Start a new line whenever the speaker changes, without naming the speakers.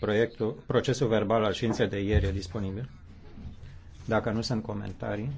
Proiectul, procesul verbal al științei de ieri e disponibil. Dacă nu sunt comentarii,